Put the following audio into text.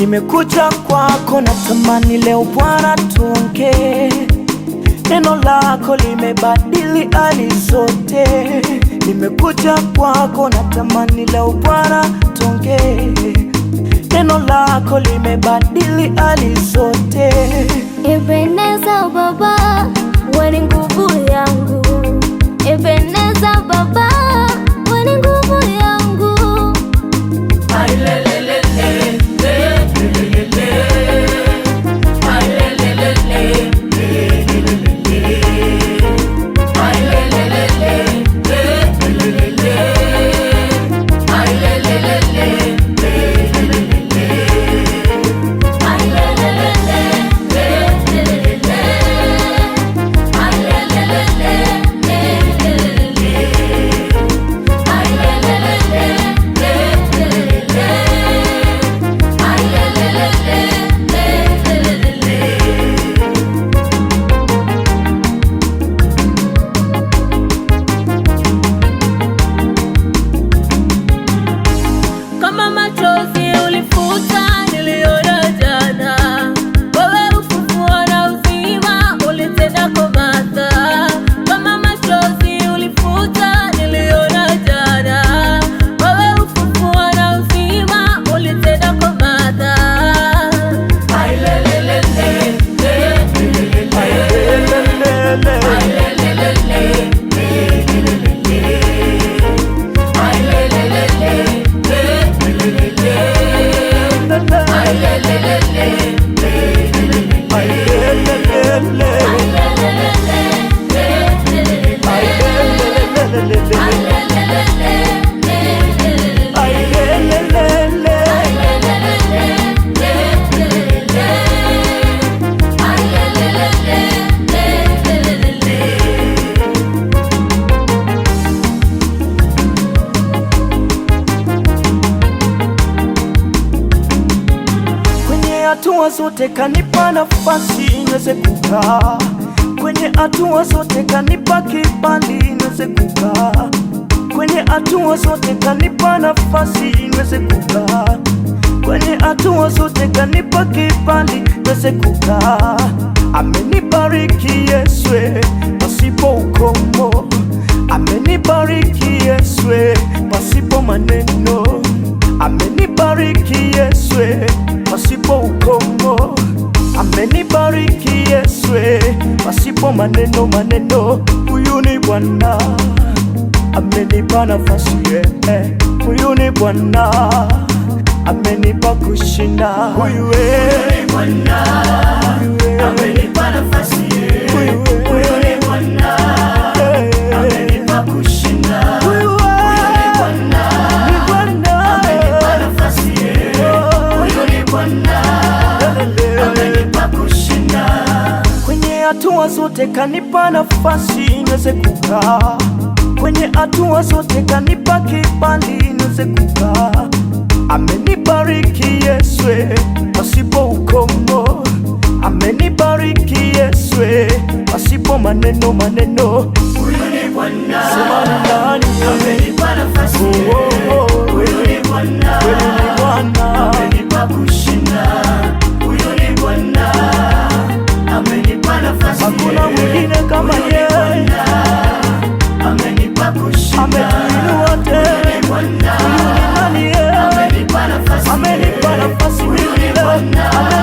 Nimekuja kwako na tamani leo Bwana tuonge, neno lako limebadili hali zote. Nimekuja kwako na tamani leo Bwana tuonge, neno lako limebadili hali zote. Ebeneza Baba, wewe ni nguvu yangu. Ebeneza Baba hatua zote kanipa nafasi niweze kukaa kwenye hatua zote kanipa kibali niweze kukaa kwenye hatua zote kanipa nafasi niweze kukaa kwenye hatua zote kanipa kibali niweze kukaa. Amenibariki Yeswe pasipo ukomo, amenibariki Yeswe pasipo maneno, amenibariki Yeswe pasipo ukongo Amenibariki Yeswe, eh, pasipo maneno maneno. Huyu ni Bwana, amenipa nafasi eh. eh. Huyu ni Bwana, amenipa kushinda. Huyu ni eh. Bwana, amenipa nafasi eh. hatua zote kanipa nafasi niweze kukaa kwenye hatua zote kanipa kibali niweze kukaa. Amenibariki Yeswe pasipo ukomo, amenibariki Yeswe pasipo maneno maneno. Huyu ni Bwana. mwingine kama yeye. Amenipa kushinda, ameniinua tena, amenipa nafasi, amenipa amenipa nafasi